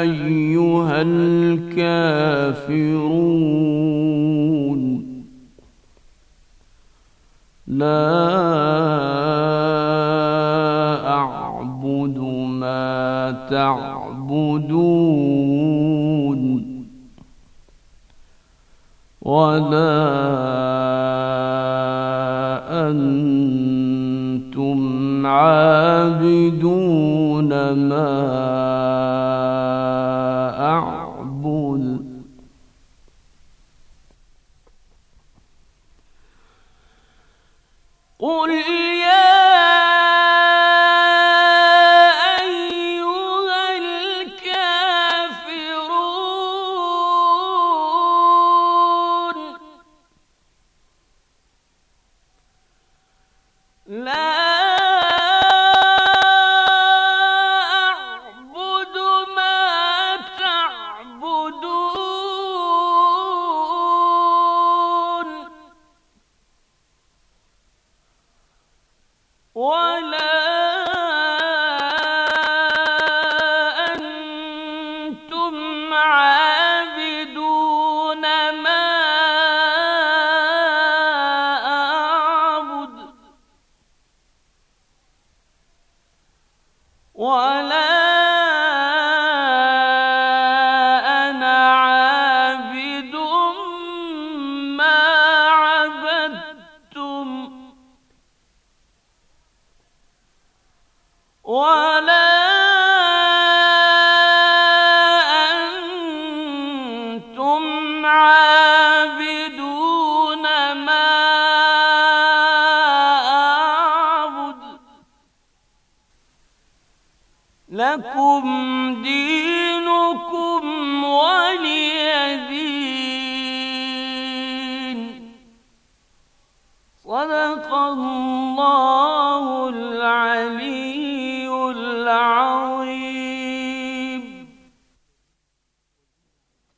أيها الكافرون لا أعبد ما تعبدون ولا أنت عابدون ما أعبد قل يا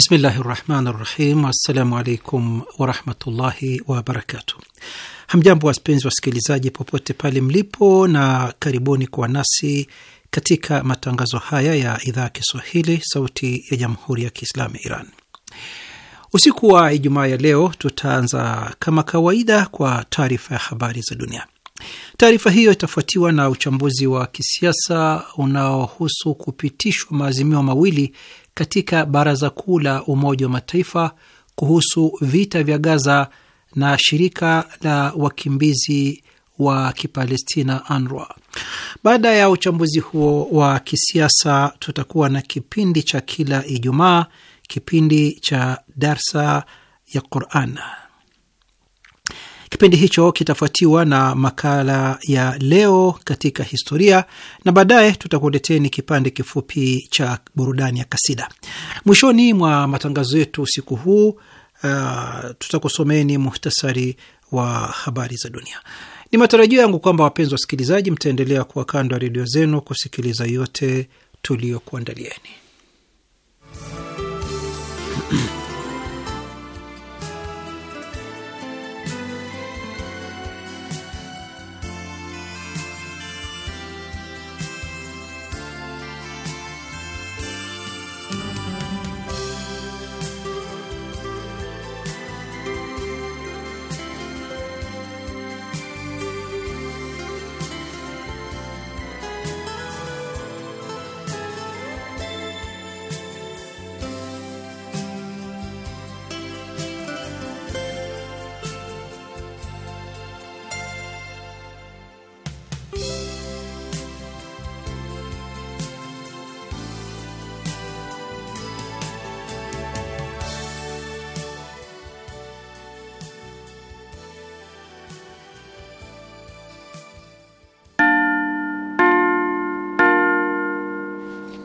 Bismillahi rahmani rahim. Assalamu alaikum warahmatullahi wabarakatu Hamjambo wapenzi wasikilizaji, popote pale mlipo, na karibuni kuwa nasi katika matangazo haya ya idhaa ya Kiswahili, Sauti ya Jamhuri ya Kiislamu ya Iran. Usiku wa Ijumaa ya leo tutaanza kama kawaida kwa taarifa ya habari za dunia. Taarifa hiyo itafuatiwa na uchambuzi wa kisiasa unaohusu kupitishwa maazimio mawili katika Baraza Kuu la Umoja wa Mataifa kuhusu vita vya Gaza na shirika la wakimbizi wa Kipalestina UNRWA. Baada ya uchambuzi huo wa kisiasa, tutakuwa na kipindi cha kila Ijumaa, kipindi cha darsa ya Quran. Kipindi hicho kitafuatiwa na makala ya leo katika historia, na baadaye tutakuleteni kipande kifupi cha burudani ya kasida. Mwishoni mwa matangazo yetu usiku huu, uh, tutakusomeni muhtasari wa habari za dunia. Ni matarajio yangu kwamba wapenzi wasikilizaji, mtaendelea kuwa kando ya redio zenu kusikiliza yote tuliyokuandalieni.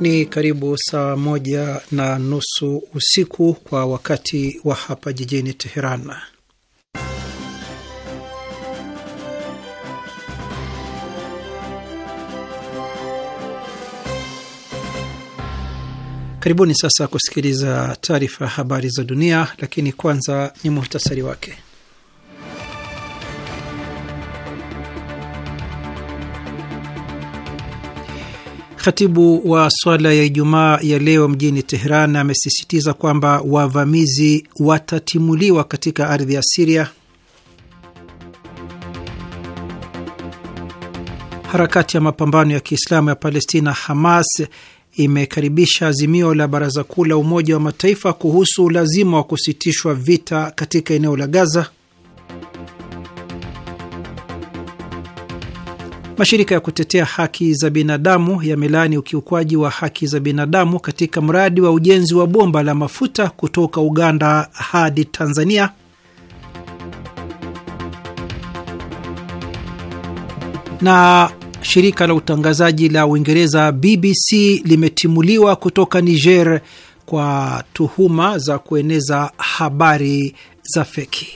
Ni karibu saa moja na nusu usiku kwa wakati wa hapa jijini Teheran. Karibuni sasa kusikiliza taarifa ya habari za dunia, lakini kwanza ni muhtasari wake. Khatibu wa swala ya Ijumaa ya leo mjini Teheran amesisitiza kwamba wavamizi watatimuliwa katika ardhi ya Siria. Harakati ya mapambano ya Kiislamu ya Palestina, Hamas, imekaribisha azimio la Baraza Kuu la Umoja wa Mataifa kuhusu ulazima wa kusitishwa vita katika eneo la Gaza. Mashirika ya kutetea haki za binadamu yamelaani ukiukwaji wa haki za binadamu katika mradi wa ujenzi wa bomba la mafuta kutoka Uganda hadi Tanzania. Na shirika la utangazaji la Uingereza BBC limetimuliwa kutoka Niger kwa tuhuma za kueneza habari za feki.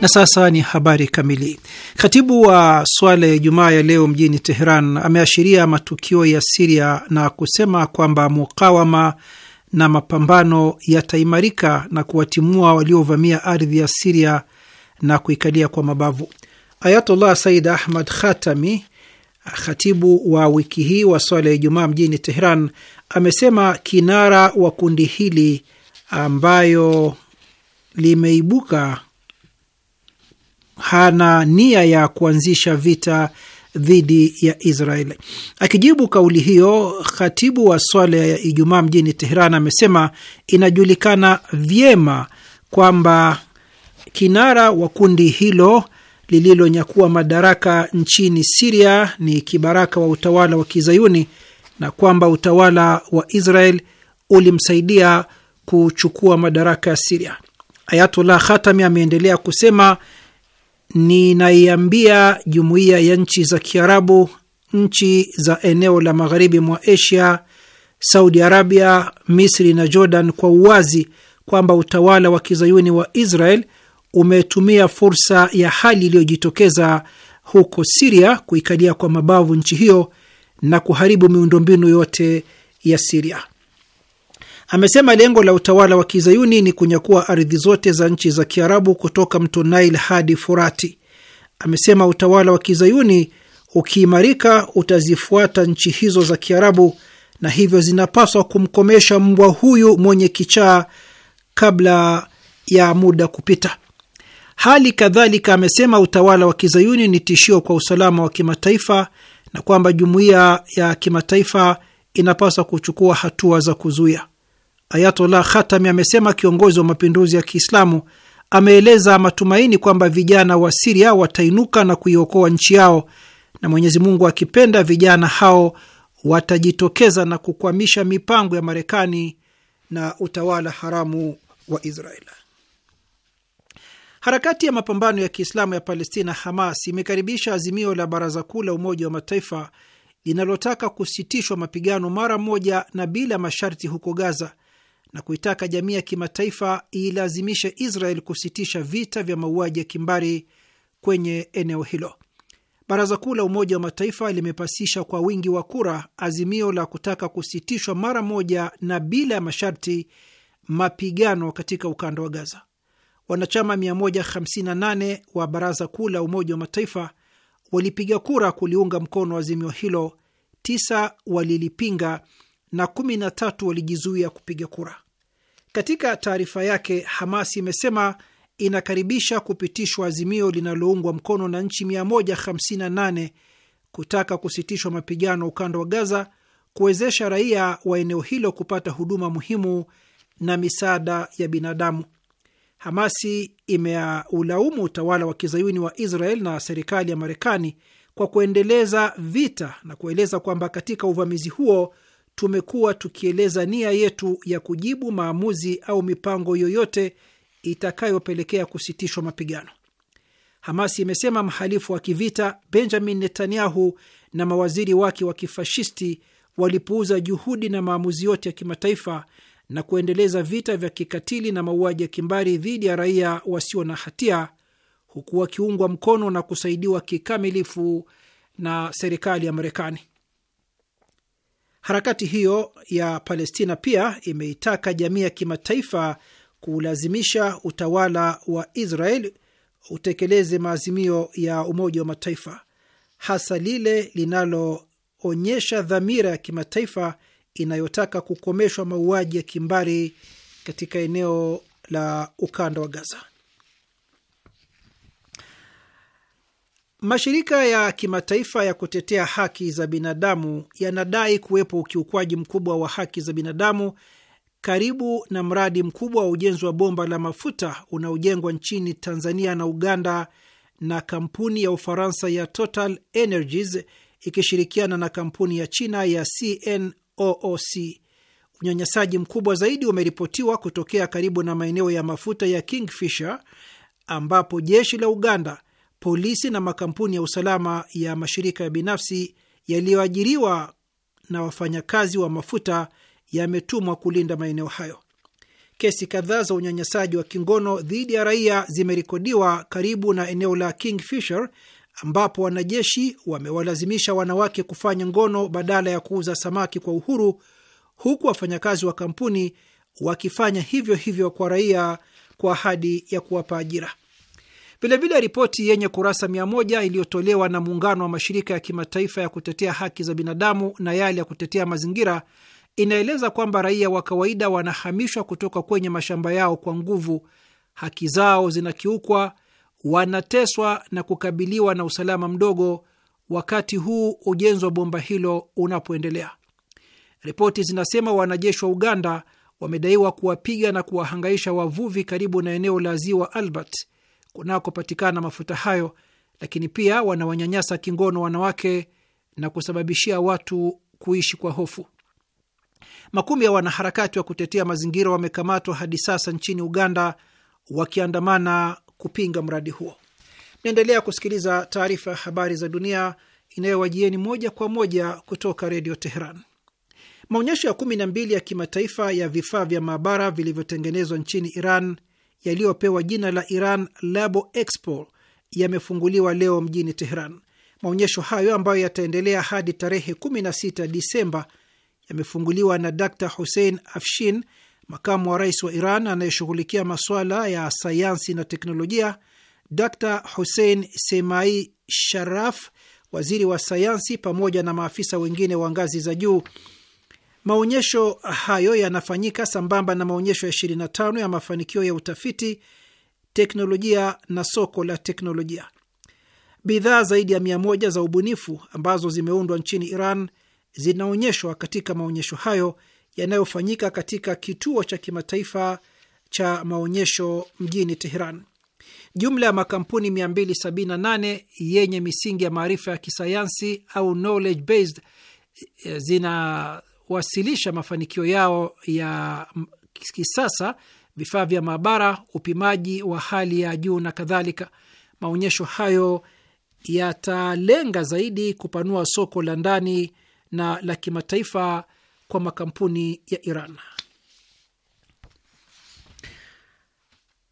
Na sasa ni habari kamili. Katibu wa swala ya Ijumaa ya leo mjini Teheran ameashiria matukio ya Siria na kusema kwamba mukawama na mapambano yataimarika na kuwatimua waliovamia ardhi ya Siria na kuikalia kwa mabavu. Ayatollah Said Ahmad Khatami, khatibu wa wiki hii wa swala ya Ijumaa mjini Teheran, amesema kinara wa kundi hili ambayo limeibuka hana nia ya kuanzisha vita dhidi ya israel Akijibu kauli hiyo, khatibu wa swala ya Ijumaa mjini Teheran amesema inajulikana vyema kwamba kinara wa kundi hilo lililonyakua madaraka nchini Siria ni kibaraka wa utawala wa Kizayuni na kwamba utawala wa Israel ulimsaidia kuchukua madaraka ya Siria. Ayatullah Khatami ameendelea kusema ninaiambia jumuiya ya nchi za Kiarabu, nchi za eneo la magharibi mwa Asia, Saudi Arabia, Misri na Jordan kwa uwazi kwamba utawala wa kizayuni wa Israel umetumia fursa ya hali iliyojitokeza huko Siria kuikalia kwa mabavu nchi hiyo na kuharibu miundombinu yote ya Siria. Amesema lengo la utawala wa kizayuni ni kunyakua ardhi zote za nchi za kiarabu kutoka mto Nile hadi Furati. Amesema utawala wa kizayuni ukiimarika utazifuata nchi hizo za kiarabu na hivyo zinapaswa kumkomesha mbwa huyu mwenye kichaa kabla ya muda kupita. Hali kadhalika amesema utawala wa kizayuni ni tishio kwa usalama wa kimataifa na kwamba jumuiya ya kimataifa inapaswa kuchukua hatua za kuzuia. Ayatollah Khatami amesema kiongozi wa mapinduzi ya Kiislamu ameeleza matumaini kwamba vijana wa Siria watainuka na kuiokoa nchi yao, na Mwenyezi Mungu akipenda, vijana hao watajitokeza na kukwamisha mipango ya Marekani na utawala haramu wa Israeli. Harakati ya mapambano ya Kiislamu ya Palestina, Hamas, imekaribisha azimio la Baraza Kuu la Umoja wa Mataifa linalotaka kusitishwa mapigano mara moja na bila masharti huko Gaza na kuitaka jamii ya kimataifa ilazimishe Israel kusitisha vita vya mauaji ya kimbari kwenye eneo hilo. Baraza Kuu la Umoja wa Mataifa limepasisha kwa wingi wa kura azimio la kutaka kusitishwa mara moja na bila ya masharti mapigano katika ukanda wa Gaza. Wanachama 158 wa Baraza Kuu la Umoja wa Mataifa walipiga kura kuliunga mkono azimio hilo, 9 walilipinga na 13 walijizuia kupiga kura. Katika taarifa yake, Hamas imesema inakaribisha kupitishwa azimio linaloungwa mkono na nchi 158 kutaka kusitishwa mapigano ukanda wa Gaza, kuwezesha raia wa eneo hilo kupata huduma muhimu na misaada ya binadamu. Hamasi imeulaumu utawala wa kizayuni wa Israel na serikali ya Marekani kwa kuendeleza vita na kueleza kwamba katika uvamizi huo tumekuwa tukieleza nia yetu ya kujibu maamuzi au mipango yoyote itakayopelekea kusitishwa mapigano. Hamasi imesema mhalifu wa kivita Benjamin Netanyahu na mawaziri wake wa kifashisti walipuuza juhudi na maamuzi yote ya kimataifa na kuendeleza vita vya kikatili na mauaji ya kimbari dhidi ya raia wasio na hatia huku wakiungwa mkono na kusaidiwa kikamilifu na serikali ya Marekani. Harakati hiyo ya Palestina pia imeitaka jamii ya kimataifa kulazimisha utawala wa Israel utekeleze maazimio ya Umoja wa Mataifa, hasa lile linaloonyesha dhamira ya kimataifa inayotaka kukomeshwa mauaji ya kimbari katika eneo la ukanda wa Gaza. Mashirika ya kimataifa ya kutetea haki za binadamu yanadai kuwepo ukiukwaji mkubwa wa haki za binadamu karibu na mradi mkubwa wa ujenzi wa bomba la mafuta unaojengwa nchini Tanzania na Uganda na kampuni ya Ufaransa ya Total Energies ikishirikiana na kampuni ya China ya CNOOC. Unyanyasaji mkubwa zaidi umeripotiwa kutokea karibu na maeneo ya mafuta ya Kingfisher ambapo jeshi la Uganda polisi na makampuni ya usalama ya mashirika ya binafsi yaliyoajiriwa na wafanyakazi wa mafuta yametumwa kulinda maeneo hayo. Kesi kadhaa za unyanyasaji wa kingono dhidi ya raia zimerekodiwa karibu na eneo la Kingfisher ambapo wanajeshi wamewalazimisha wanawake kufanya ngono badala ya kuuza samaki kwa uhuru, huku wafanyakazi wa kampuni wakifanya hivyo hivyo kwa raia kwa ahadi ya kuwapa ajira. Vilevile, ripoti yenye kurasa mia moja iliyotolewa na muungano wa mashirika ya kimataifa ya kutetea haki za binadamu na yale ya kutetea mazingira inaeleza kwamba raia wa kawaida wanahamishwa kutoka kwenye mashamba yao kwa nguvu, haki zao zinakiukwa, wanateswa na kukabiliwa na usalama mdogo, wakati huu ujenzi wa bomba hilo unapoendelea. Ripoti zinasema wanajeshi wa Uganda wamedaiwa kuwapiga na kuwahangaisha wavuvi karibu na eneo la ziwa Albert kunakopatikana mafuta hayo, lakini pia wanawanyanyasa kingono wanawake na kusababishia watu kuishi kwa hofu. Makumi ya wanaharakati wa kutetea mazingira wamekamatwa hadi sasa nchini Uganda wakiandamana kupinga mradi huo. naendelea kusikiliza taarifa ya habari za dunia inayowajieni moja kwa moja kutoka Redio Teheran. Maonyesho ya kumi na mbili ya kimataifa ya vifaa vya maabara vilivyotengenezwa nchini Iran yaliyopewa jina la Iran Labo Expo yamefunguliwa leo mjini Teheran. Maonyesho hayo ambayo yataendelea hadi tarehe 16 Disemba yamefunguliwa na Dr Hussein Afshin, makamu wa rais wa Iran anayeshughulikia masuala ya sayansi na teknolojia, Dr Hussein Semai Sharaf, waziri wa sayansi, pamoja na maafisa wengine wa ngazi za juu Maonyesho hayo yanafanyika sambamba na maonyesho ya 25 ya mafanikio ya utafiti, teknolojia na soko la teknolojia. Bidhaa zaidi ya 100 za ubunifu ambazo zimeundwa nchini Iran zinaonyeshwa katika maonyesho hayo yanayofanyika katika kituo cha kimataifa cha maonyesho mjini Teheran. Jumla ya makampuni 278 yenye misingi ya maarifa ya kisayansi au knowledge based eh, zina wasilisha mafanikio yao ya kisasa, vifaa vya maabara, upimaji wa hali ya juu na kadhalika. Maonyesho hayo yatalenga zaidi kupanua soko la ndani na la kimataifa kwa makampuni ya Iran.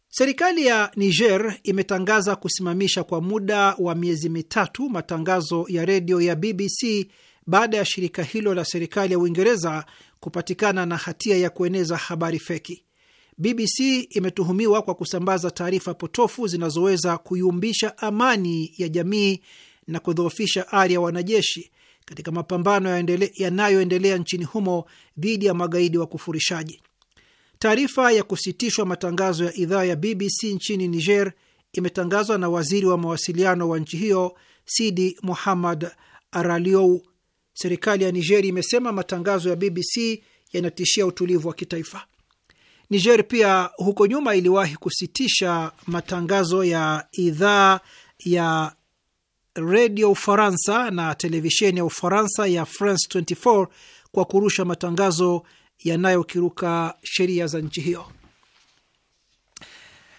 Serikali ya Niger imetangaza kusimamisha kwa muda wa miezi mitatu matangazo ya redio ya BBC baada ya shirika hilo la serikali ya Uingereza kupatikana na hatia ya kueneza habari feki. BBC imetuhumiwa kwa kusambaza taarifa potofu zinazoweza kuyumbisha amani ya jamii na kudhoofisha ari ya wanajeshi katika mapambano yanayoendelea nchini humo dhidi ya magaidi wa kufurishaji. Taarifa ya kusitishwa matangazo ya idhaa ya BBC nchini Niger imetangazwa na waziri wa mawasiliano wa nchi hiyo Sidi Muhammad Araliou Serikali ya Niger imesema matangazo ya BBC yanatishia utulivu wa kitaifa. Niger pia huko nyuma iliwahi kusitisha matangazo ya idhaa ya redio Ufaransa na televisheni ya Ufaransa ya France 24 kwa kurusha matangazo yanayokiruka sheria za nchi hiyo.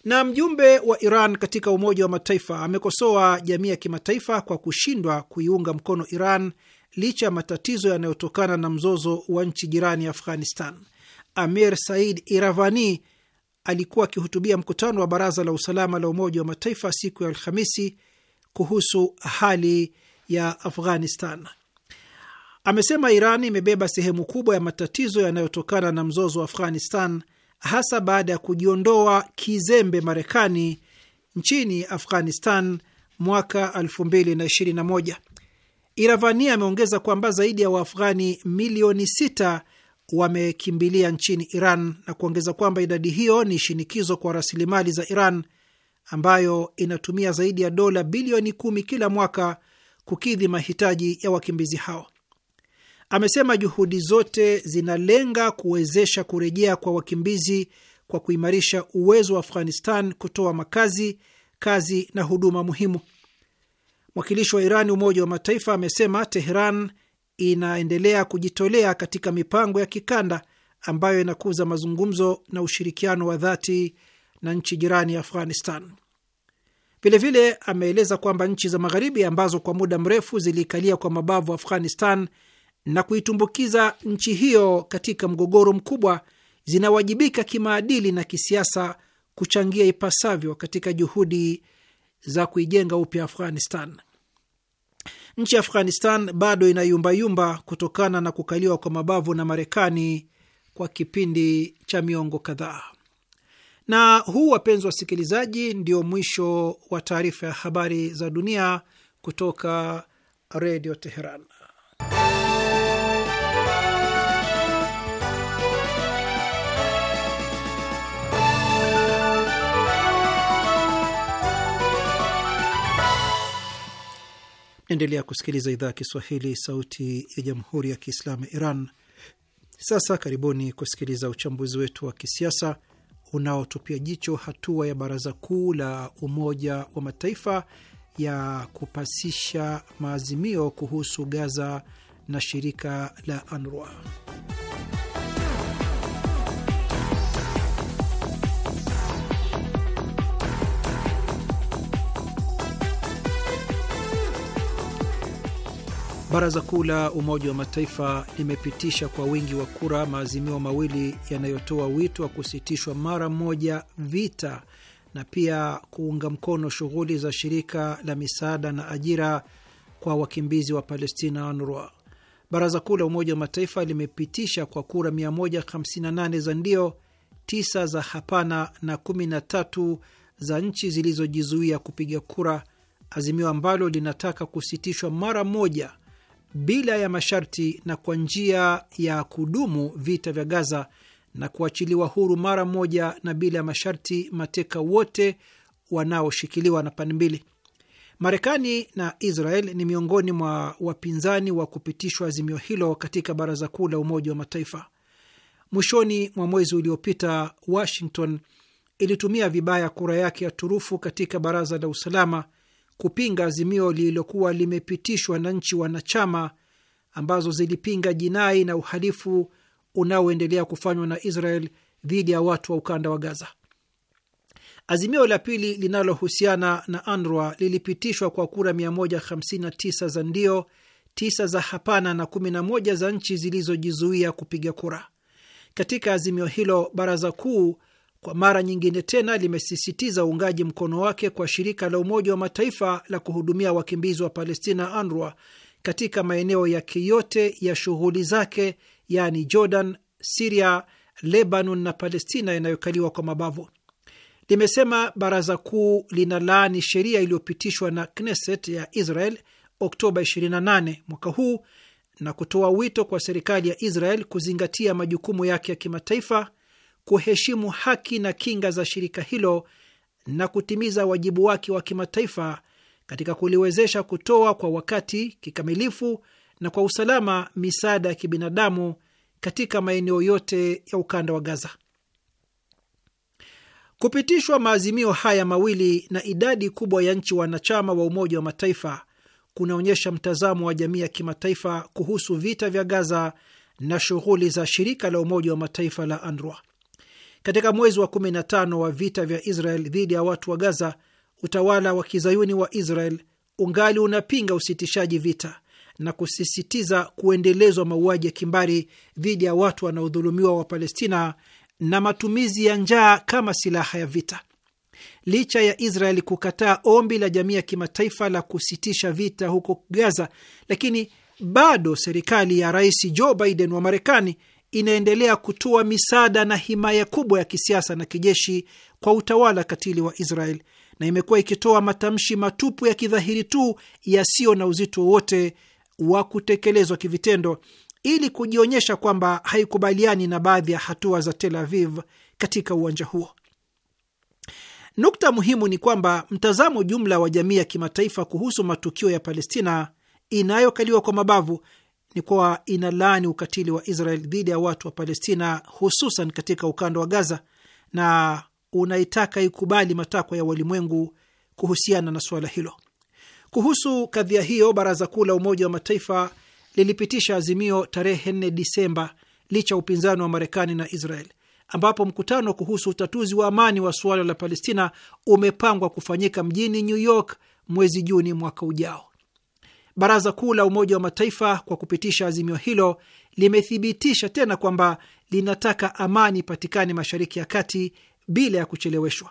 Na mjumbe wa Iran katika Umoja wa Mataifa amekosoa jamii ya kimataifa kwa kushindwa kuiunga mkono Iran licha ya matatizo yanayotokana na mzozo wa nchi jirani ya Afghanistan. Amir Said Iravani alikuwa akihutubia mkutano wa Baraza la Usalama la Umoja wa Mataifa siku ya Alhamisi kuhusu hali ya Afghanistan. Amesema Iran imebeba sehemu kubwa ya matatizo yanayotokana na mzozo wa Afghanistan, hasa baada ya kujiondoa kizembe Marekani nchini Afghanistan mwaka 2021. Iravani ameongeza kwamba zaidi ya Waafghani milioni sita wamekimbilia nchini Iran na kuongeza kwamba idadi hiyo ni shinikizo kwa rasilimali za Iran ambayo inatumia zaidi ya dola bilioni kumi kila mwaka kukidhi mahitaji ya wakimbizi hao. Amesema juhudi zote zinalenga kuwezesha kurejea kwa wakimbizi kwa kuimarisha uwezo wa Afghanistan kutoa makazi, kazi na huduma muhimu. Mwakilishi wa Irani Umoja wa Mataifa amesema Teheran inaendelea kujitolea katika mipango ya kikanda ambayo inakuza mazungumzo na ushirikiano wa dhati na nchi jirani ya Afghanistan. Vilevile ameeleza kwamba nchi za Magharibi ambazo kwa muda mrefu ziliikalia kwa mabavu Afghanistan na kuitumbukiza nchi hiyo katika mgogoro mkubwa zinawajibika kimaadili na kisiasa kuchangia ipasavyo katika juhudi za kuijenga upya Afghanistan. Nchi ya Afghanistan bado inayumbayumba kutokana na kukaliwa kwa mabavu na Marekani kwa kipindi cha miongo kadhaa. Na huu, wapenzi wasikilizaji, ndio mwisho wa taarifa ya habari za dunia kutoka Redio Teheran. Naendelea kusikiliza idhaa ya Kiswahili, sauti ya jamhuri ya kiislamu ya Iran. Sasa karibuni kusikiliza uchambuzi wetu wa kisiasa unaotupia jicho hatua ya baraza kuu la Umoja wa Mataifa ya kupasisha maazimio kuhusu Gaza na shirika la Anrua. Baraza Kuu la Umoja wa Mataifa limepitisha kwa wingi wa kura maazimio mawili yanayotoa wito wa kusitishwa mara moja vita na pia kuunga mkono shughuli za shirika la misaada na ajira kwa wakimbizi wa Palestina, UNRWA. Baraza Kuu la Umoja wa Mataifa limepitisha kwa kura 158 za ndio, 9 za hapana na 13 za nchi zilizojizuia kupiga kura azimio ambalo linataka kusitishwa mara moja bila ya masharti na kwa njia ya kudumu vita vya Gaza na kuachiliwa huru mara moja na bila ya masharti mateka wote wanaoshikiliwa na pande mbili. Marekani na Israel ni miongoni mwa wapinzani wa kupitishwa azimio hilo katika Baraza Kuu la Umoja wa Mataifa. Mwishoni mwa mwezi uliopita, Washington ilitumia vibaya kura yake ya turufu katika Baraza la Usalama kupinga azimio lililokuwa limepitishwa na nchi wanachama ambazo zilipinga jinai na uhalifu unaoendelea kufanywa na Israel dhidi ya watu wa ukanda wa Gaza. Azimio la pili linalohusiana na UNRWA lilipitishwa kwa kura 159 za ndio, 9 za hapana na 11 za nchi zilizojizuia kupiga kura. Katika azimio hilo, baraza kuu kwa mara nyingine tena limesisitiza uungaji mkono wake kwa shirika la Umoja wa Mataifa la kuhudumia wakimbizi wa Palestina, UNRWA, katika maeneo yake yote ya shughuli zake, yaani Jordan, Siria, Lebanon na Palestina yanayokaliwa kwa mabavu. Limesema baraza kuu lina laani sheria iliyopitishwa na Knesset ya Israel Oktoba 28 mwaka huu na kutoa wito kwa serikali ya Israel kuzingatia majukumu yake ya kimataifa kuheshimu haki na kinga za shirika hilo na kutimiza wajibu wake wa kimataifa katika kuliwezesha kutoa kwa wakati kikamilifu na kwa usalama misaada ya kibinadamu katika maeneo yote ya ukanda wa Gaza. Kupitishwa maazimio haya mawili na idadi kubwa ya nchi wanachama wa Umoja wa Mataifa kunaonyesha mtazamo wa jamii ya kimataifa kuhusu vita vya Gaza na shughuli za shirika la Umoja wa Mataifa la UNRWA. Katika mwezi wa 15 wa vita vya Israel dhidi ya watu wa Gaza, utawala wa kizayuni wa Israel ungali unapinga usitishaji vita na kusisitiza kuendelezwa mauaji ya kimbari dhidi ya watu wanaodhulumiwa wa Palestina na matumizi ya njaa kama silaha ya vita. Licha ya Israeli kukataa ombi la jamii ya kimataifa la kusitisha vita huko Gaza, lakini bado serikali ya Rais Joe Biden wa Marekani inaendelea kutoa misaada na himaya kubwa ya kisiasa na kijeshi kwa utawala katili wa Israel na imekuwa ikitoa matamshi matupu ya kidhahiri tu yasiyo na uzito wowote wa kutekelezwa kivitendo ili kujionyesha kwamba haikubaliani na baadhi ya hatua za Tel Aviv katika uwanja huo. Nukta muhimu ni kwamba mtazamo jumla wa jamii ya kimataifa kuhusu matukio ya Palestina inayokaliwa kwa mabavu ni kuwa inalaani ukatili wa Israel dhidi ya watu wa Palestina, hususan katika ukanda wa Gaza, na unaitaka ikubali matakwa ya walimwengu kuhusiana na suala hilo. Kuhusu kadhia hiyo, Baraza Kuu la Umoja wa Mataifa lilipitisha azimio tarehe 4 Disemba licha ya upinzani wa Marekani na Israel, ambapo mkutano kuhusu utatuzi wa amani wa suala la Palestina umepangwa kufanyika mjini New York mwezi Juni mwaka ujao. Baraza Kuu la Umoja wa Mataifa kwa kupitisha azimio hilo limethibitisha tena kwamba linataka amani ipatikane Mashariki ya Kati bila ya kucheleweshwa.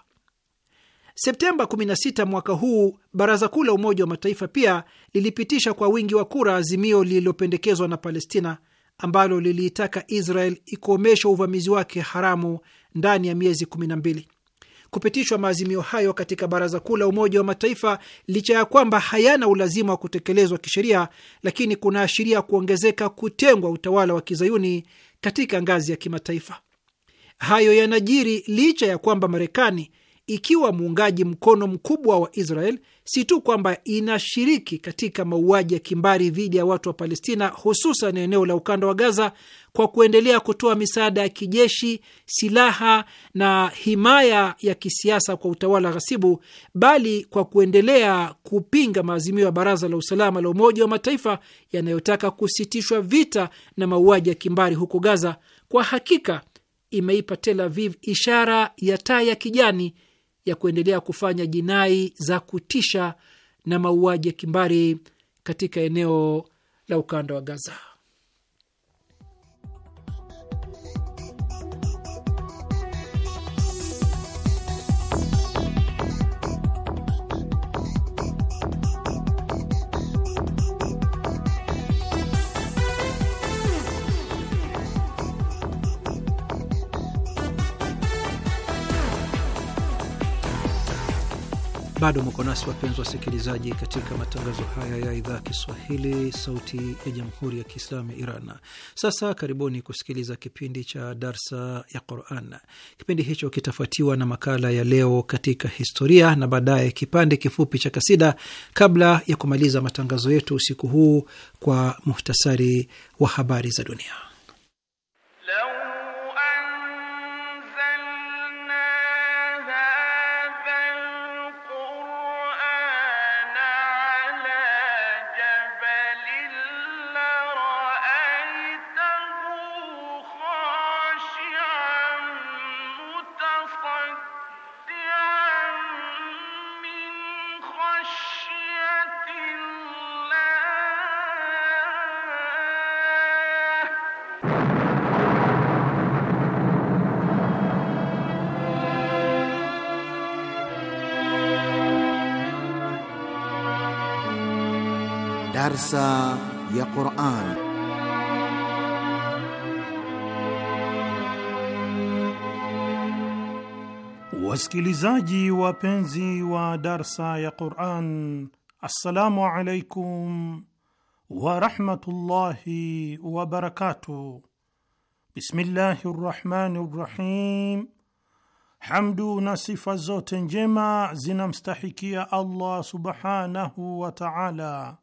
Septemba 16 mwaka huu, Baraza Kuu la Umoja wa Mataifa pia lilipitisha kwa wingi wa kura azimio lililopendekezwa na Palestina ambalo liliitaka Israel ikomeshe uvamizi wake haramu ndani ya miezi 12 kupitishwa maazimio hayo katika Baraza Kuu la Umoja wa Mataifa, licha ya kwamba hayana ulazima wa kutekelezwa kisheria, lakini kunaashiria kuongezeka kutengwa utawala wa kizayuni katika ngazi ya kimataifa. Hayo yanajiri licha ya kwamba Marekani ikiwa muungaji mkono mkubwa wa Israel, si tu kwamba inashiriki katika mauaji ya kimbari dhidi ya watu wa Palestina, hususan eneo la ukanda wa Gaza, kwa kuendelea kutoa misaada ya kijeshi, silaha na himaya ya kisiasa kwa utawala ghasibu, bali kwa kuendelea kupinga maazimio ya Baraza la Usalama la Umoja wa Mataifa yanayotaka kusitishwa vita na mauaji ya kimbari huko Gaza. Kwa hakika imeipa Tel Aviv ishara ya taa ya kijani ya kuendelea kufanya jinai za kutisha na mauaji ya kimbari katika eneo la ukanda wa Gaza. Bado mko nasi wapenzi wasikilizaji, katika matangazo haya ya idhaa Kiswahili sauti ya jamhuri ya kiislamu ya Iran. Sasa karibuni kusikiliza kipindi cha darsa ya Quran. Kipindi hicho kitafuatiwa na makala ya leo katika historia na baadaye kipande kifupi cha kasida, kabla ya kumaliza matangazo yetu usiku huu kwa muhtasari wa habari za dunia. Wasikilizaji wapenzi wa darsa ya Quran, assalamu alaikum warahmatullahi wabarakatuh. Bismillahi rahmani rahim Hamdu na sifa zote njema zinamstahikia Allah subhanahu wa taala,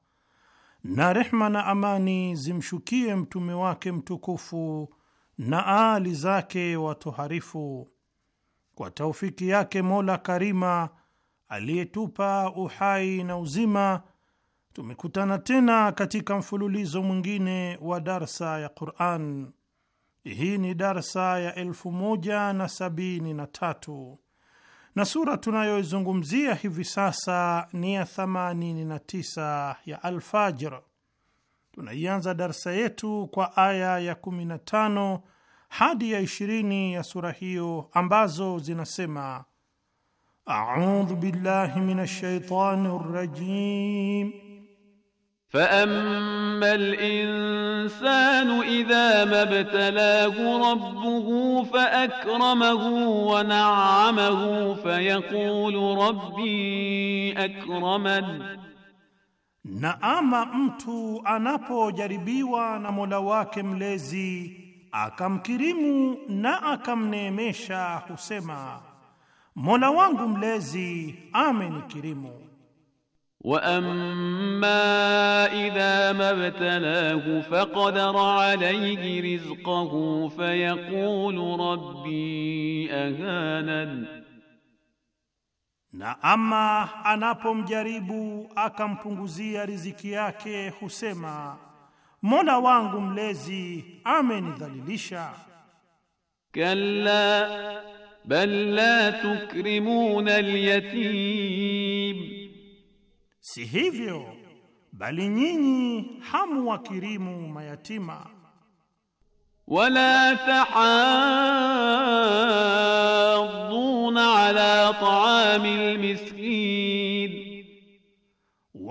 na rehma na amani zimshukie mtume wake mtukufu na aali zake watoharifu kwa taufiki yake Mola Karima aliyetupa uhai na uzima, tumekutana tena katika mfululizo mwingine wa darsa ya Quran. Hii ni darsa ya elfu moja na sabini na tatu na sura tunayoizungumzia hivi sasa ni ya 89 ya Alfajr. Tunaianza darsa yetu kwa aya ya 15 hadi ya ishirini ya sura hiyo ambazo zinasema: audhu billahi minash shaitani rrajim Faamma linsanu idha mabtalahu rabbuhu faakramahu wa naamahu fayaqulu rabbi akraman, na ama mtu anapojaribiwa na mola wake mlezi akamkirimu na akamneemesha, husema Mola wangu mlezi amenikirimu. Wa amma idha mabtalahu faqadara alayhi rizqahu fayaqulu rabbi ahanan, na ama anapomjaribu akampunguzia riziki yake husema Mola wangu mlezi amenidhalilisha. Kalla bal la tukrimuna alyatim, si hivyo bali nyinyi hamuwakirimu mayatima. Wala tahadduna ala taamil miskin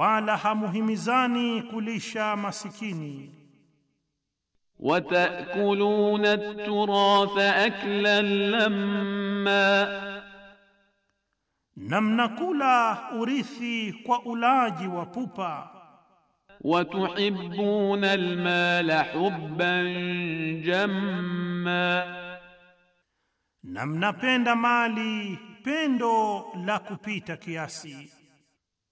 wala hamuhimizani kulisha masikini. Watakuluna turatha aklan lamma, na mnakula urithi kwa ulaji wa pupa. Watuhibbuna almala hubban jamma, na mnapenda mali pendo la kupita kiasi.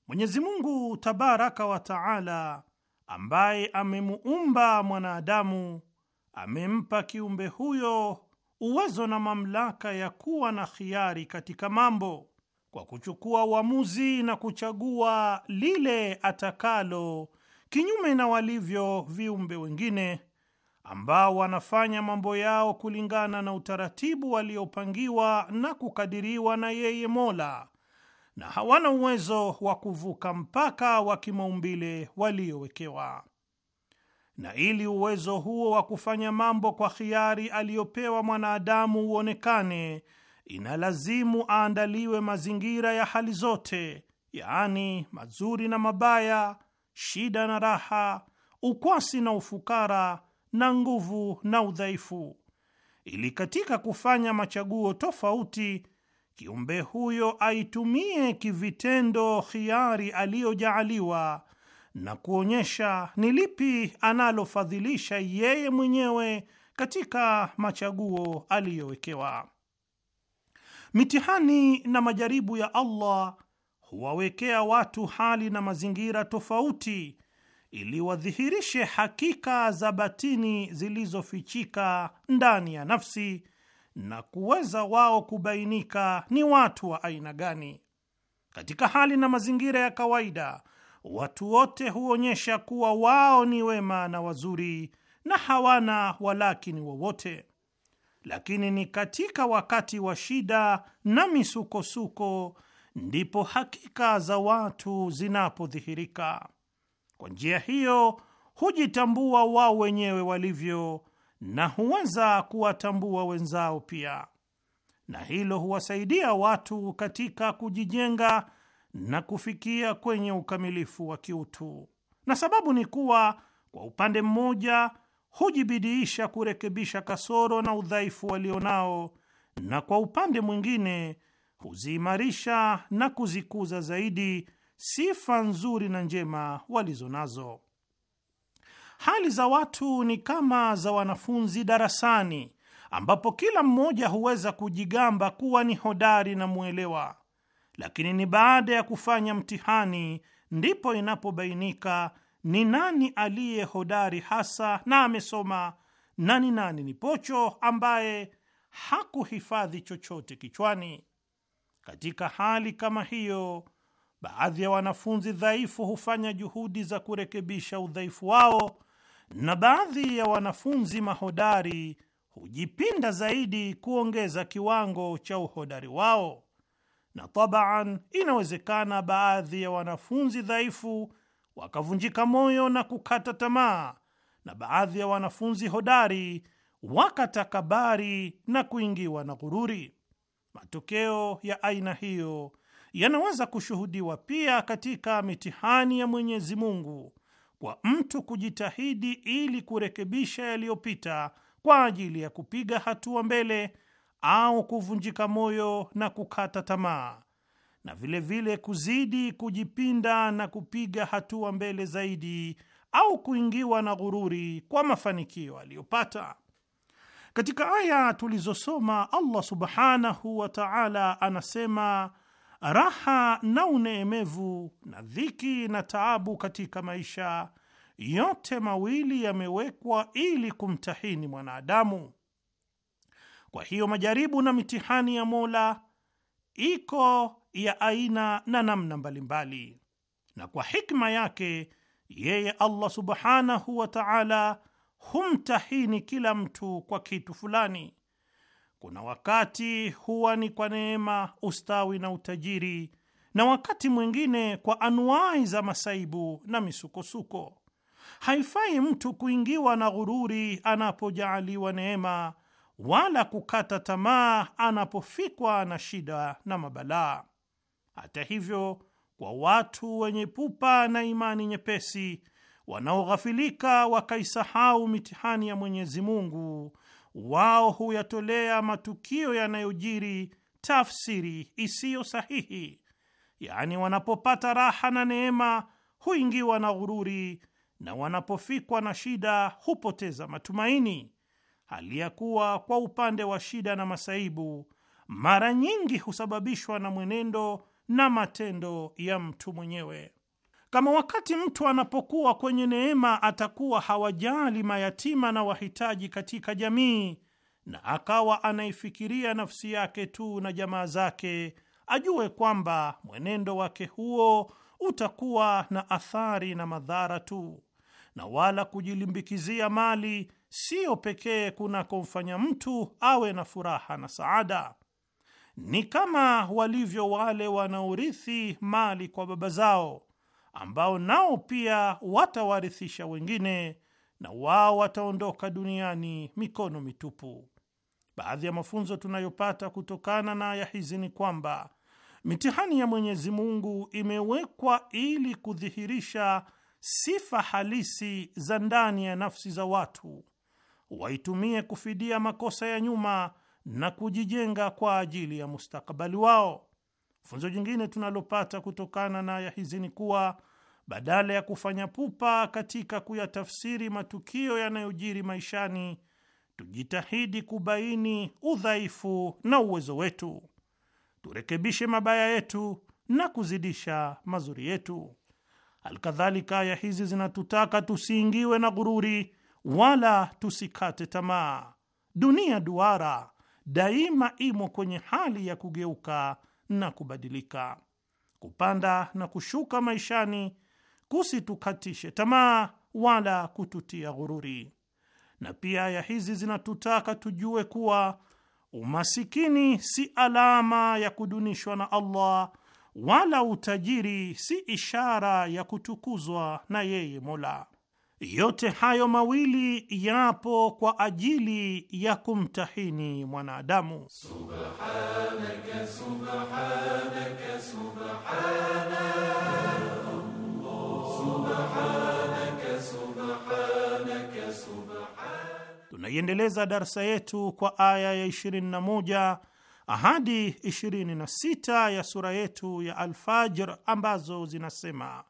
Mwenyezi Mungu tabaraka wa taala, ambaye amemuumba mwanadamu, amempa kiumbe huyo uwezo na mamlaka ya kuwa na khiari katika mambo kwa kuchukua uamuzi na kuchagua lile atakalo, kinyume na walivyo viumbe wengine ambao wanafanya mambo yao kulingana na utaratibu waliopangiwa na kukadiriwa na yeye Mola na hawana uwezo wa kuvuka mpaka wa kimaumbile waliowekewa. Na ili uwezo huo wa kufanya mambo kwa khiari aliyopewa mwanadamu uonekane, inalazimu aandaliwe mazingira ya hali zote, yaani mazuri na mabaya, shida na raha, ukwasi na ufukara, na nguvu na udhaifu, ili katika kufanya machaguo tofauti kiumbe huyo aitumie kivitendo khiari aliyojaaliwa na kuonyesha ni lipi analofadhilisha yeye mwenyewe katika machaguo aliyowekewa. Mitihani na majaribu ya Allah huwawekea watu hali na mazingira tofauti ili wadhihirishe hakika za batini zilizofichika ndani ya nafsi na kuweza wao kubainika ni watu wa aina gani. Katika hali na mazingira ya kawaida, watu wote huonyesha kuwa wao ni wema na wazuri na hawana walakini wowote, lakini ni katika wakati wa shida na misukosuko ndipo hakika za watu zinapodhihirika. Kwa njia hiyo hujitambua wao wenyewe walivyo na huweza kuwatambua wenzao pia, na hilo huwasaidia watu katika kujijenga na kufikia kwenye ukamilifu wa kiutu. Na sababu ni kuwa, kwa upande mmoja, hujibidiisha kurekebisha kasoro na udhaifu walionao, na kwa upande mwingine huziimarisha na kuzikuza zaidi sifa nzuri na njema walizo nazo. Hali za watu ni kama za wanafunzi darasani, ambapo kila mmoja huweza kujigamba kuwa ni hodari na mwelewa, lakini ni baada ya kufanya mtihani ndipo inapobainika ni nani aliye hodari hasa na amesoma na ni nani ni pocho ambaye hakuhifadhi chochote kichwani. Katika hali kama hiyo, baadhi ya wanafunzi dhaifu hufanya juhudi za kurekebisha udhaifu wao na baadhi ya wanafunzi mahodari hujipinda zaidi kuongeza kiwango cha uhodari wao, na tabaan, inawezekana baadhi ya wanafunzi dhaifu wakavunjika moyo na kukata tamaa, na baadhi ya wanafunzi hodari wakatakabari na kuingiwa na ghururi. Matokeo ya aina hiyo yanaweza kushuhudiwa pia katika mitihani ya Mwenyezi Mungu kwa mtu kujitahidi ili kurekebisha yaliyopita kwa ajili ya kupiga hatua mbele au kuvunjika moyo na kukata tamaa, na vilevile vile kuzidi kujipinda na kupiga hatua mbele zaidi au kuingiwa na ghururi kwa mafanikio aliyopata. Katika aya tulizosoma, Allah subhanahu wa ta'ala anasema raha na uneemevu na dhiki na taabu katika maisha yote mawili yamewekwa ili kumtahini mwanadamu. Kwa hiyo majaribu na mitihani ya Mola iko ya aina na namna mbalimbali, na kwa hikma yake yeye Allah subhanahu wa ta'ala humtahini kila mtu kwa kitu fulani. Kuna wakati huwa ni kwa neema, ustawi na utajiri, na wakati mwingine kwa anuai za masaibu na misukosuko. Haifai mtu kuingiwa na ghururi anapojaaliwa neema, wala kukata tamaa anapofikwa na shida na mabalaa. Hata hivyo, kwa watu wenye pupa na imani nyepesi, wanaoghafilika wakaisahau mitihani ya Mwenyezi Mungu wao huyatolea matukio yanayojiri tafsiri isiyo sahihi, yaani wanapopata raha na neema huingiwa na ghururi na wanapofikwa na shida hupoteza matumaini, hali ya kuwa kwa upande wa shida na masaibu mara nyingi husababishwa na mwenendo na matendo ya mtu mwenyewe. Kama wakati mtu anapokuwa kwenye neema atakuwa hawajali mayatima na wahitaji katika jamii, na akawa anaifikiria nafsi yake tu na jamaa zake, ajue kwamba mwenendo wake huo utakuwa na athari na madhara tu, na wala kujilimbikizia mali siyo pekee kunakomfanya mtu awe na furaha na saada. Ni kama walivyo wale wanaorithi mali kwa baba zao ambao nao pia watawarithisha wengine na wao wataondoka duniani mikono mitupu. Baadhi ya mafunzo tunayopata kutokana na aya hizi ni kwamba mitihani ya Mwenyezi Mungu imewekwa ili kudhihirisha sifa halisi za ndani ya nafsi za watu, waitumie kufidia makosa ya nyuma na kujijenga kwa ajili ya mustakabali wao. Funzo jingine tunalopata kutokana na aya hizi ni kuwa badala ya kufanya pupa katika kuyatafsiri matukio yanayojiri maishani, tujitahidi kubaini udhaifu na uwezo wetu, turekebishe mabaya yetu na kuzidisha mazuri yetu. Alkadhalika, aya hizi zinatutaka tusiingiwe na ghururi wala tusikate tamaa. Dunia duara daima imo kwenye hali ya kugeuka na kubadilika. Kupanda na kushuka maishani kusitukatishe tamaa wala kututia ghururi. Na pia aya hizi zinatutaka tujue kuwa umasikini si alama ya kudunishwa na Allah wala utajiri si ishara ya kutukuzwa na yeye Mola. Yote hayo mawili yapo kwa ajili ya kumtahini mwanadamu. Subhanaka, subhanaka, subhanaka. Tunaiendeleza darsa yetu kwa aya ya 21 hadi 26 ya sura yetu ya Alfajr ambazo zinasema: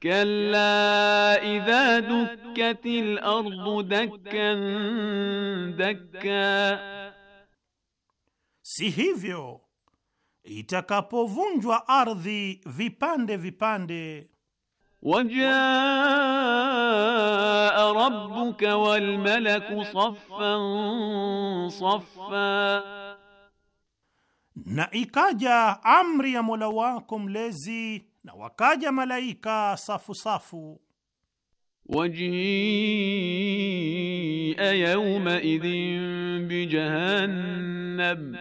kalla idha dukkatil ardu dakkan dakka, si hivyo itakapovunjwa ardhi vipande vipande وجاء ربك والملك صفا صفا, na ikaja amri ya Mola wako mlezi na wakaja malaika safu safu. wajia yawma idhin bijahannam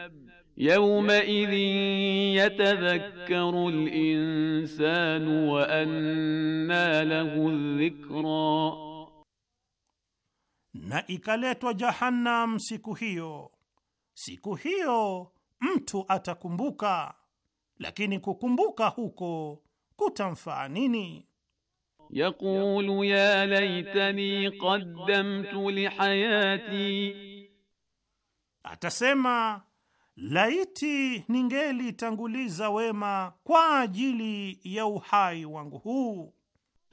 Yawmaidhin yatadhakkaru al-insanu wa anna lahu dhikra, na ikaletwa Jahannam siku hiyo. Siku hiyo mtu atakumbuka, lakini kukumbuka huko kutamfaa nini? Yaqulu ya laitani qaddamtu lihayati, atasema Laiti ningelitanguliza wema kwa ajili ya uhai wangu huu.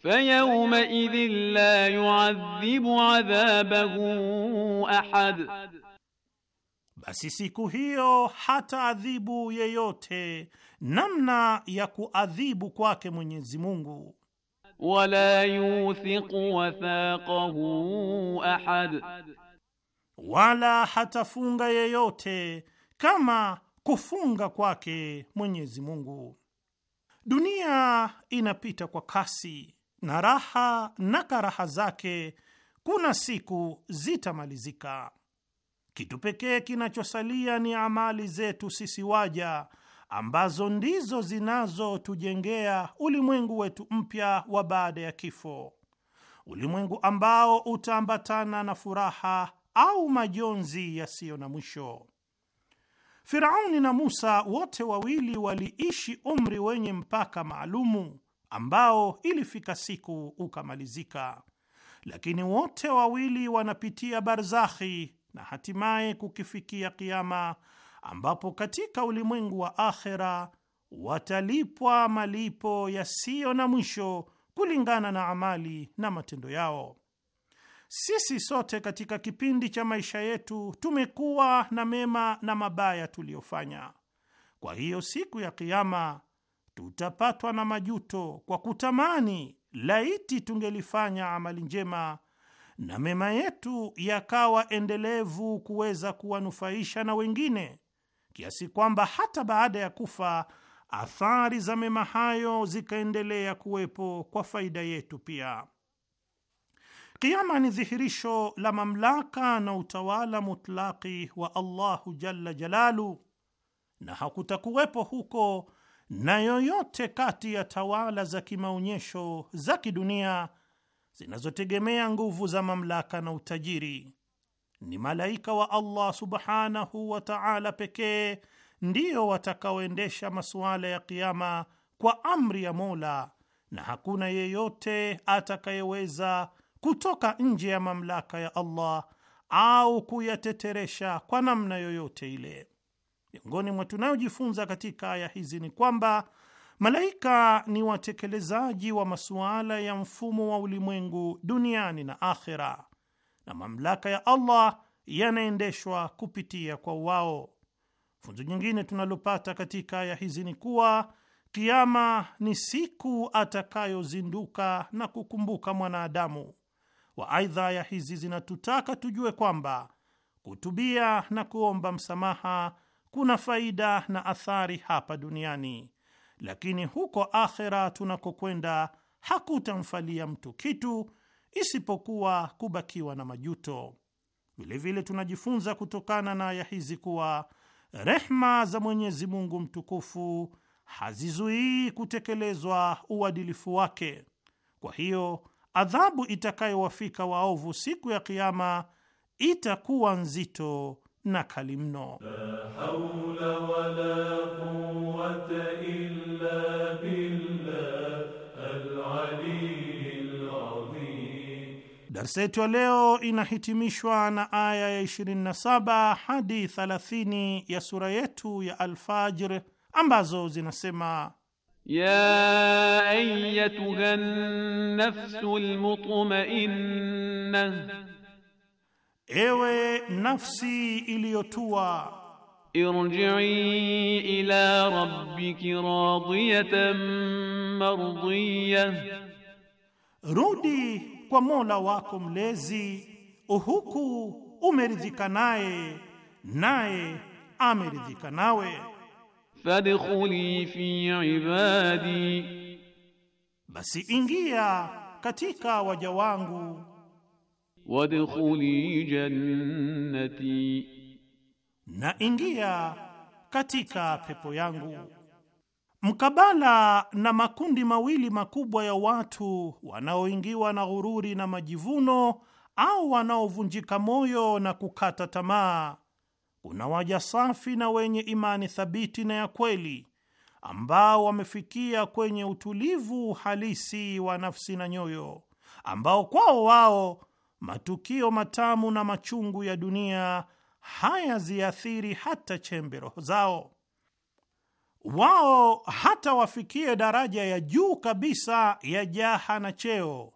Fayawmaidhin la yuadhibu adhabahu ahad, basi siku hiyo hata adhibu yeyote namna ya kuadhibu kwake Mwenyezi Mungu. Wala yuthiqu wathaqahu ahad, wala hatafunga yeyote kama kufunga kwake Mwenyezi Mungu. Dunia inapita kwa kasi na raha na karaha zake kuna siku zitamalizika. Kitu pekee kinachosalia ni amali zetu sisi waja, ambazo ndizo zinazotujengea ulimwengu wetu mpya wa baada ya kifo, ulimwengu ambao utaambatana na furaha au majonzi yasiyo na mwisho. Firauni na Musa wote wawili waliishi umri wenye mpaka maalumu ambao ilifika siku ukamalizika, lakini wote wawili wanapitia barzakhi na hatimaye kukifikia kiama, ambapo katika ulimwengu wa akhera watalipwa malipo yasiyo na mwisho kulingana na amali na matendo yao sisi sote katika kipindi cha maisha yetu tumekuwa na mema na mabaya tuliyofanya. Kwa hiyo siku ya Kiama tutapatwa na majuto kwa kutamani laiti tungelifanya amali njema na mema yetu yakawa endelevu kuweza kuwanufaisha na wengine, kiasi kwamba hata baada ya kufa athari za mema hayo zikaendelea kuwepo kwa faida yetu pia. Kiama ni dhihirisho la mamlaka na utawala mutlaki wa Allahu jalla jalalu, na hakutakuwepo huko na yoyote kati ya tawala za kimaonyesho za kidunia zinazotegemea nguvu za mamlaka na utajiri. Ni malaika wa Allah subhanahu wa ta'ala pekee ndiyo watakaoendesha masuala ya kiama kwa amri ya Mola, na hakuna yeyote atakayeweza kutoka nje ya mamlaka ya Allah au kuyateteresha kwa namna yoyote ile. Miongoni mwa tunayojifunza katika aya hizi ni kwamba malaika ni watekelezaji wa masuala ya mfumo wa ulimwengu duniani na akhera, na mamlaka ya Allah yanaendeshwa kupitia kwa wao. Funzo nyingine tunalopata katika aya hizi ni kuwa kiama ni siku atakayozinduka na kukumbuka mwanadamu wa aidha ya hizi zinatutaka tujue kwamba kutubia na kuomba msamaha kuna faida na athari hapa duniani, lakini huko akhera tunakokwenda hakutamfalia mtu kitu isipokuwa kubakiwa na majuto. Vilevile tunajifunza kutokana na aya hizi kuwa rehma za Mwenyezi Mungu mtukufu hazizuii kutekelezwa uadilifu wake. Kwa hiyo adhabu itakayowafika waovu siku ya Kiama itakuwa nzito na kali mno. Darsa yetu ya leo inahitimishwa na aya ya 27 hadi 30 ya sura yetu ya alfajr ambazo zinasema ya ayyatuha nafsu almutma'inna, ewe nafsi iliyotua. Irji'i ila rabbiki radiyatan mardiyah, rudi kwa Mola wako mlezi huku umeridhika naye naye ameridhika nawe fadkhuli fi ibadi, basi ingia katika waja wangu. Wadkhuli jannati, na ingia katika pepo yangu. Mkabala na makundi mawili makubwa ya watu wanaoingiwa na ghururi na majivuno au wanaovunjika moyo na kukata tamaa kuna waja safi na wenye imani thabiti na ya kweli ambao wamefikia kwenye utulivu halisi wa nafsi na nyoyo, ambao kwao wao matukio matamu na machungu ya dunia hayaziathiri hata chembe roho zao. Wao hata wafikie daraja ya juu kabisa ya jaha na cheo,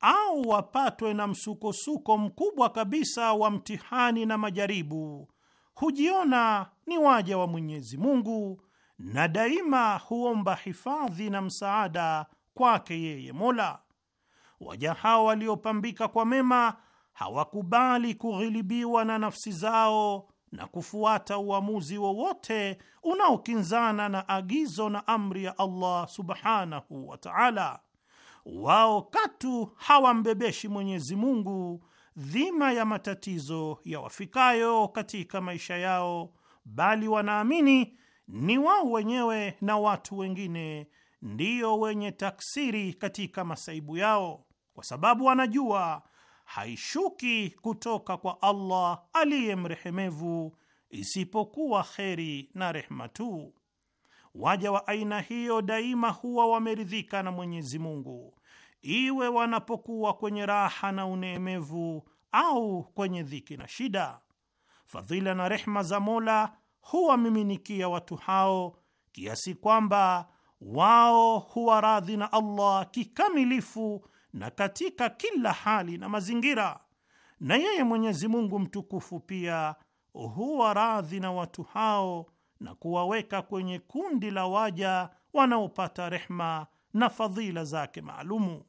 au wapatwe na msukosuko mkubwa kabisa wa mtihani na majaribu hujiona ni waja wa Mwenyezi Mungu na daima huomba hifadhi na msaada kwake yeye Mola. Waja hao waliopambika kwa mema hawakubali kughilibiwa na nafsi zao na kufuata uamuzi wowote unaokinzana na agizo na amri ya Allah subhanahu wa ta'ala. Wao katu hawambebeshi Mwenyezi Mungu dhima ya matatizo yawafikayo katika maisha yao, bali wanaamini ni wao wenyewe na watu wengine ndiyo wenye taksiri katika masaibu yao, kwa sababu wanajua haishuki kutoka kwa Allah aliye mrehemevu isipokuwa kheri na rehma tu. Waja wa aina hiyo daima huwa wameridhika na Mwenyezi Mungu iwe wanapokuwa kwenye raha na uneemevu au kwenye dhiki na shida. Fadhila na rehma za Mola huwamiminikia watu hao kiasi kwamba wao huwa radhi na Allah kikamilifu na katika kila hali na mazingira, na yeye Mwenyezi Mungu mtukufu pia huwa radhi na watu hao na kuwaweka kwenye kundi la waja wanaopata rehma na fadhila zake maalumu.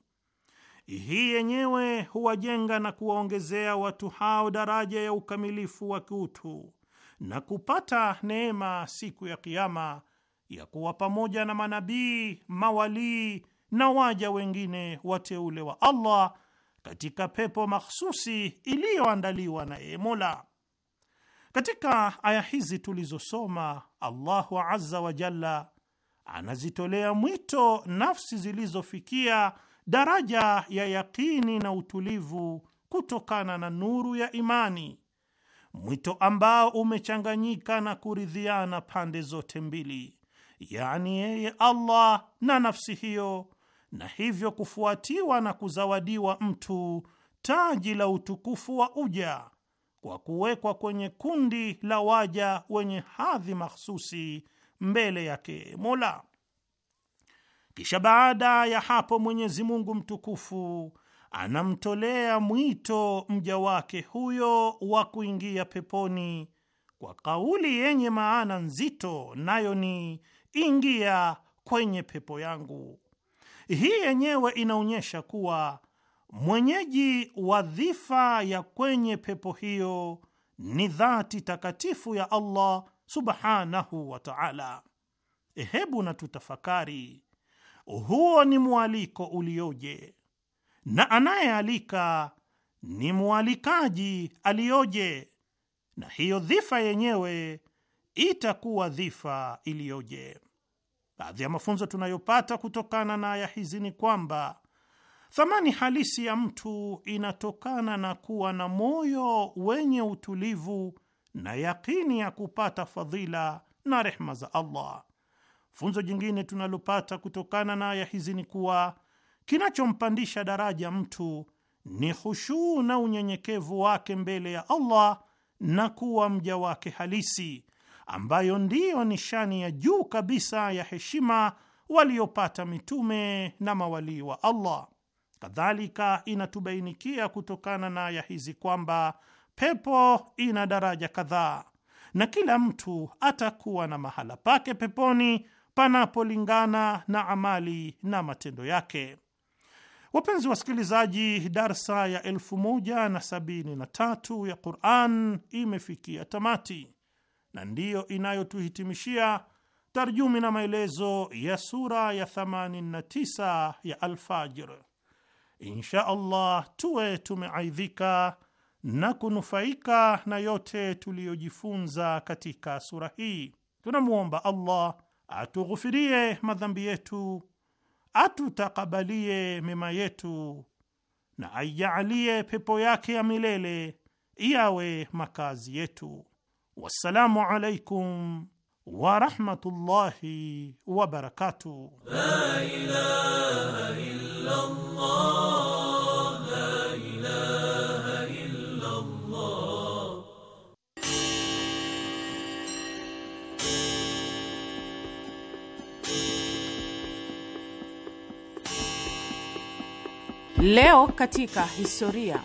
Hii yenyewe huwajenga na kuwaongezea watu hao daraja ya ukamilifu wa kiutu na kupata neema siku ya Kiama ya kuwa pamoja na manabii, mawalii na waja wengine wateule wa Allah katika pepo mahsusi iliyoandaliwa na yeye Mola. Katika aya hizi tulizosoma, Allahu azza wa jalla anazitolea mwito nafsi zilizofikia daraja ya yakini na utulivu kutokana na nuru ya imani, mwito ambao umechanganyika na kuridhiana pande zote mbili, yaani yeye Allah na nafsi hiyo, na hivyo kufuatiwa na kuzawadiwa mtu taji la utukufu wa uja kwa kuwekwa kwenye kundi la waja wenye hadhi mahsusi mbele yake Mola. Kisha baada ya hapo Mwenyezi Mungu mtukufu anamtolea mwito mja wake huyo wa kuingia peponi kwa kauli yenye maana nzito, nayo ni ingia kwenye pepo yangu. Hii yenyewe inaonyesha kuwa mwenyeji wa dhifa ya kwenye pepo hiyo ni dhati takatifu ya Allah subhanahu wa ta'ala. Hebu na tutafakari huo ni mwaliko ulioje! Na anayealika ni mwalikaji aliyoje! Na hiyo dhifa yenyewe itakuwa dhifa iliyoje! Baadhi ya mafunzo tunayopata kutokana na aya hizi ni kwamba thamani halisi ya mtu inatokana na kuwa na moyo wenye utulivu na yakini ya kupata fadhila na rehma za Allah Funzo jingine tunalopata kutokana na aya hizi ni kuwa kinachompandisha daraja mtu ni hushuu na unyenyekevu wake mbele ya Allah na kuwa mja wake halisi, ambayo ndiyo nishani ya juu kabisa ya heshima waliopata mitume na mawalii wa Allah. Kadhalika, inatubainikia kutokana na aya hizi kwamba pepo ina daraja kadhaa na kila mtu atakuwa na mahala pake peponi panapolingana na amali na matendo yake. Wapenzi wasikilizaji, darsa ya elfu ya Quran imefikia tamati na ndiyo inayotuhitimishia tarjumi na maelezo ya sura ya 89 ya Alfajr. Insha Allah tuwe tumeaidhika na kunufaika na yote tuliyojifunza katika sura hii. Tunamwomba Allah atughufirie madhambi yetu, atutakabalie mema yetu, na aijaalie pepo yake ya milele iyawe makazi yetu. Wassalamu alaikum warahmatullahi wabarakatuh. La ilaha illallah. Leo katika historia.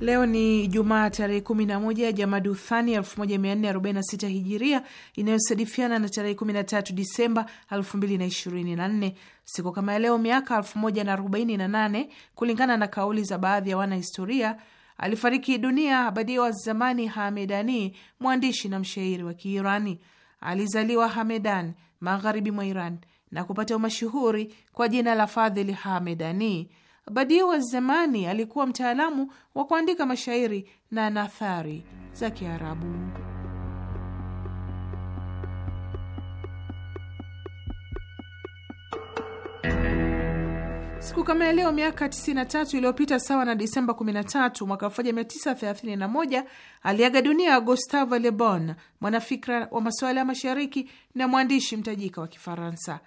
Leo ni jumaa tarehe 11 Jamaduthani 1446 Hijiria, inayosadifiana na tarehe 13 Disemba 2024. Siku kama ya leo miaka 1048 kulingana na kauli za baadhi ya wanahistoria alifariki dunia Abadi wa zamani Hamedani, mwandishi na mshairi wa Kiirani. Alizaliwa Hamedan, magharibi mwa Iran na kupata umashuhuri kwa jina la Fadhili Hamedani. Badiu wa Zemani alikuwa mtaalamu wa kuandika mashairi na nathari za Kiarabu. Siku kama ya leo miaka 93 iliyopita, sawa na Disemba 13 mwaka 1931, aliaga dunia Gustave Le Bon, mwanafikra wa masuala ya mashariki na mwandishi mtajika wa Kifaransa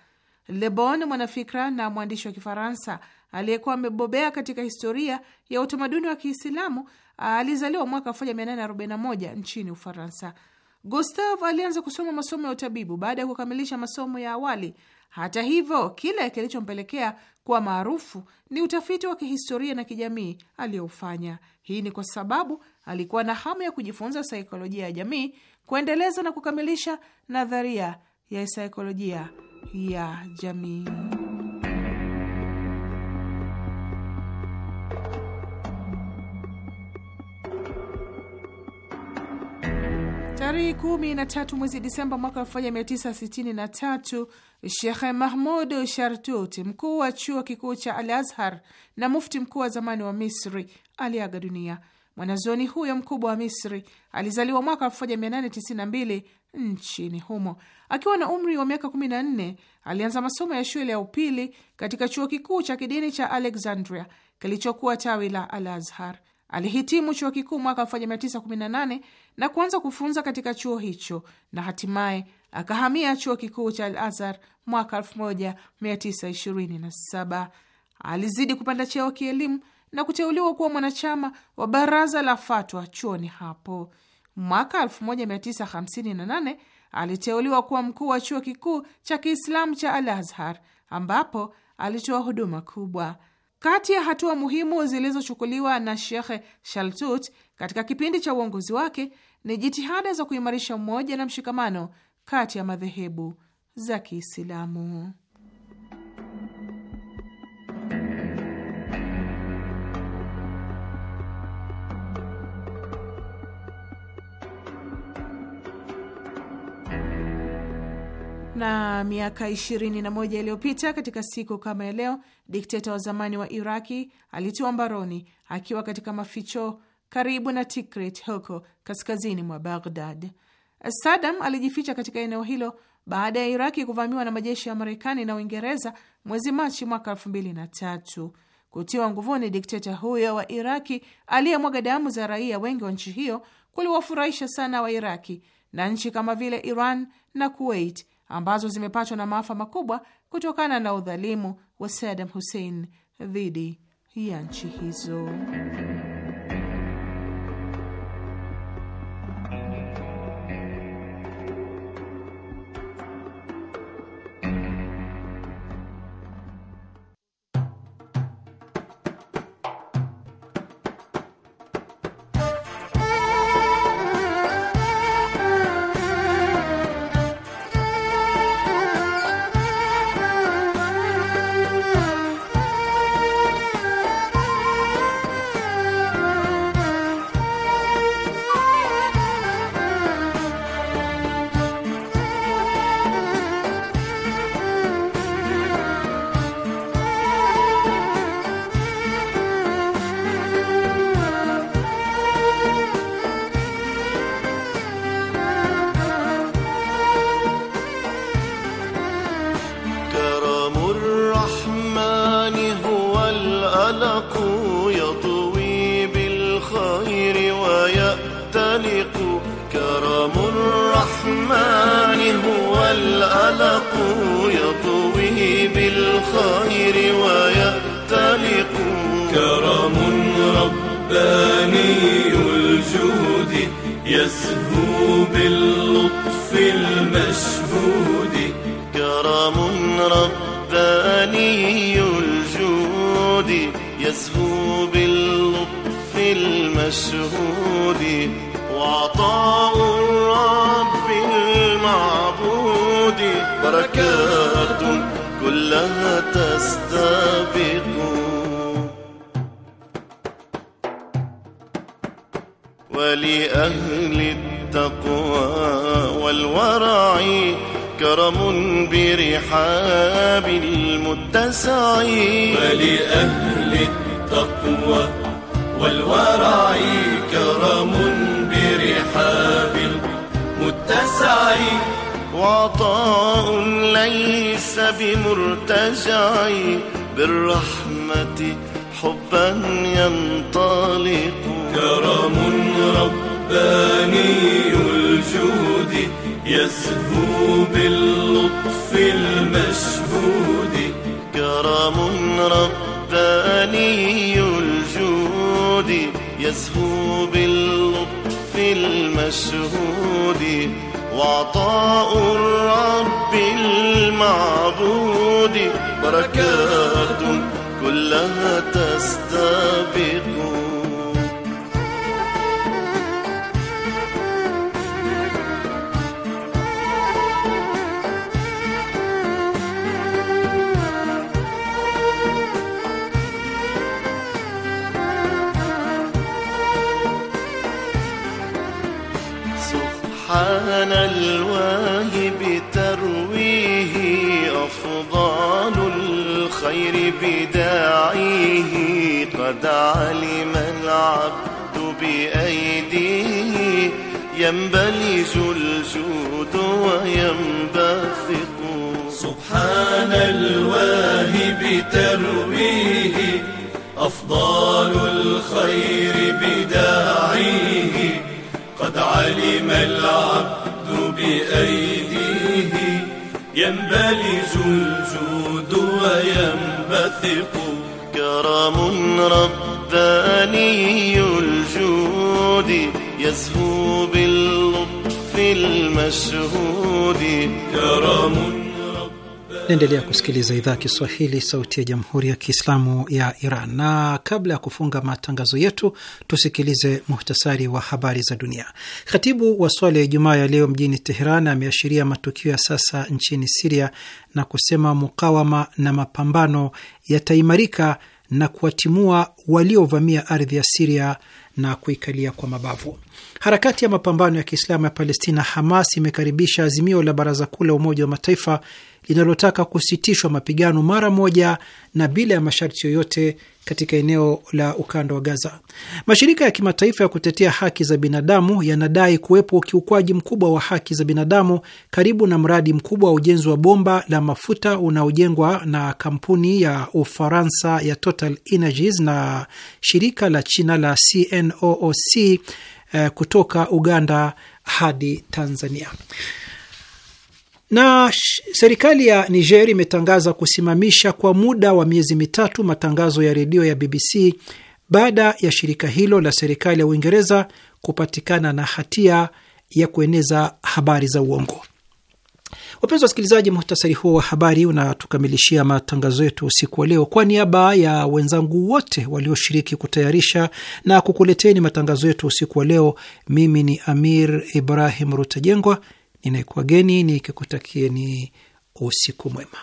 lebon mwanafikra na mwandishi wa Kifaransa aliyekuwa amebobea katika historia ya utamaduni wa Kiislamu, alizaliwa mwaka 1841 nchini Ufaransa. Gustave alianza kusoma masomo ya utabibu baada ya kukamilisha masomo ya awali. Hata hivyo, kile kilichompelekea kuwa maarufu ni utafiti wa kihistoria na kijamii aliyoufanya. Hii ni kwa sababu alikuwa na hamu ya kujifunza saikolojia ya jamii, kuendeleza na kukamilisha nadharia ya saikolojia ya jamii. Tarehe kumi na tatu mwezi Disemba mwaka 1963 Shekhe Mahmud Shartut, mkuu wa chuo kikuu cha Al Azhar na mufti mkuu wa zamani wa Misri, aliaga dunia. Mwanazuoni huyo mkubwa wa Misri alizaliwa mwaka 1892 nchini humo. Akiwa na umri wa miaka 14 alianza masomo ya shule ya upili katika chuo kikuu cha kidini cha Alexandria kilichokuwa tawi la Al Azhar. Alihitimu chuo kikuu mwaka 1918 na kuanza kufunza katika chuo hicho na hatimaye akahamia chuo kikuu cha Al Azhar mwaka 1927. Alizidi kupanda cheo kielimu na kuteuliwa kuwa mwanachama wa baraza la fatwa chuoni hapo mwaka 1958 aliteuliwa kuwa mkuu wa chuo kikuu cha Kiislamu cha Al Azhar ambapo alitoa huduma kubwa. Kati ya hatua muhimu zilizochukuliwa na Shekhe Shaltut katika kipindi cha uongozi wake ni jitihada za kuimarisha umoja na mshikamano kati ya madhehebu za Kiislamu. na miaka 21 iliyopita katika siku kama ya leo, dikteta wa zamani wa Iraki alitiwa mbaroni akiwa katika maficho karibu na Tikrit huko kaskazini mwa Baghdad. Sadam alijificha katika eneo hilo baada ya Iraki kuvamiwa na majeshi ya Marekani na Uingereza mwezi Machi mwaka tatu. Kutiwa nguvuni dikteta huyo wa Iraki aliyemwaga damu za raia wengi wa nchi hiyo kuliwafurahisha sana Wairaki na nchi kama vile Iran na Kuwait ambazo zimepatwa na maafa makubwa kutokana na udhalimu wa Saddam Hussein dhidi ya nchi hizo. الموجود يزهو باللطف المشهود كرم رباني الجود يزهو باللطف المشهود وعطاء الرب المعبود بركات كلها تستبق قد علم العبد بأيديه ينبلز الجود وينبثق سبحان الواهب ترويه أفضال الخير بداعيه قد علم العبد بأيديه ينبلز الجود وينبثق كرم رباني الجود يزهو باللطف المشهود كرم Naendelea kusikiliza idhaa ya Kiswahili, sauti ya jamhuri ya kiislamu ya Iran. Na kabla ya kufunga matangazo yetu, tusikilize muhtasari wa habari za dunia. Khatibu wa swala ya Ijumaa ya leo mjini Teheran ameashiria matukio ya sasa nchini Siria na kusema mukawama na mapambano yataimarika na kuwatimua waliovamia ardhi ya Siria na kuikalia kwa mabavu. Harakati ya mapambano ya kiislamu ya Palestina, Hamas, imekaribisha azimio la baraza kuu la Umoja wa Mataifa linalotaka kusitishwa mapigano mara moja na bila ya masharti yoyote katika eneo la ukanda wa Gaza. Mashirika ya kimataifa ya kutetea haki za binadamu yanadai kuwepo ukiukwaji mkubwa wa haki za binadamu karibu na mradi mkubwa wa ujenzi wa bomba la mafuta unaojengwa na kampuni ya Ufaransa ya Total Energies na shirika la China la CNOOC eh, kutoka Uganda hadi Tanzania. Na serikali ya Niger imetangaza kusimamisha kwa muda wa miezi mitatu matangazo ya redio ya BBC baada ya shirika hilo la serikali ya Uingereza kupatikana na hatia ya kueneza habari za uongo. Wapenzi wasikilizaji, muhtasari huo wa habari unatukamilishia matangazo yetu usiku wa leo. Kwa niaba ya wenzangu wote walioshiriki kutayarisha na kukuleteni matangazo yetu usiku wa leo, mimi ni Amir Ibrahim Rutajengwa Ninakuwageni nikikutakieni usiku mwema.